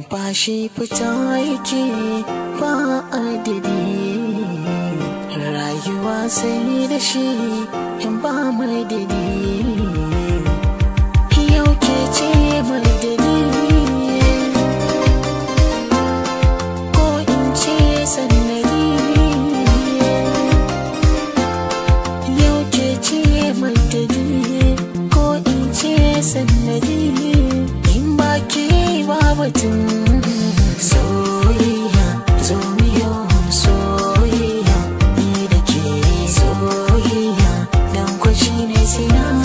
numfashi fita yake ba adadi rayuwa sai da shi in ba mai dadi batun soyayya zo miyo soyayya ni da ke soyayya dan kwashi ne sinama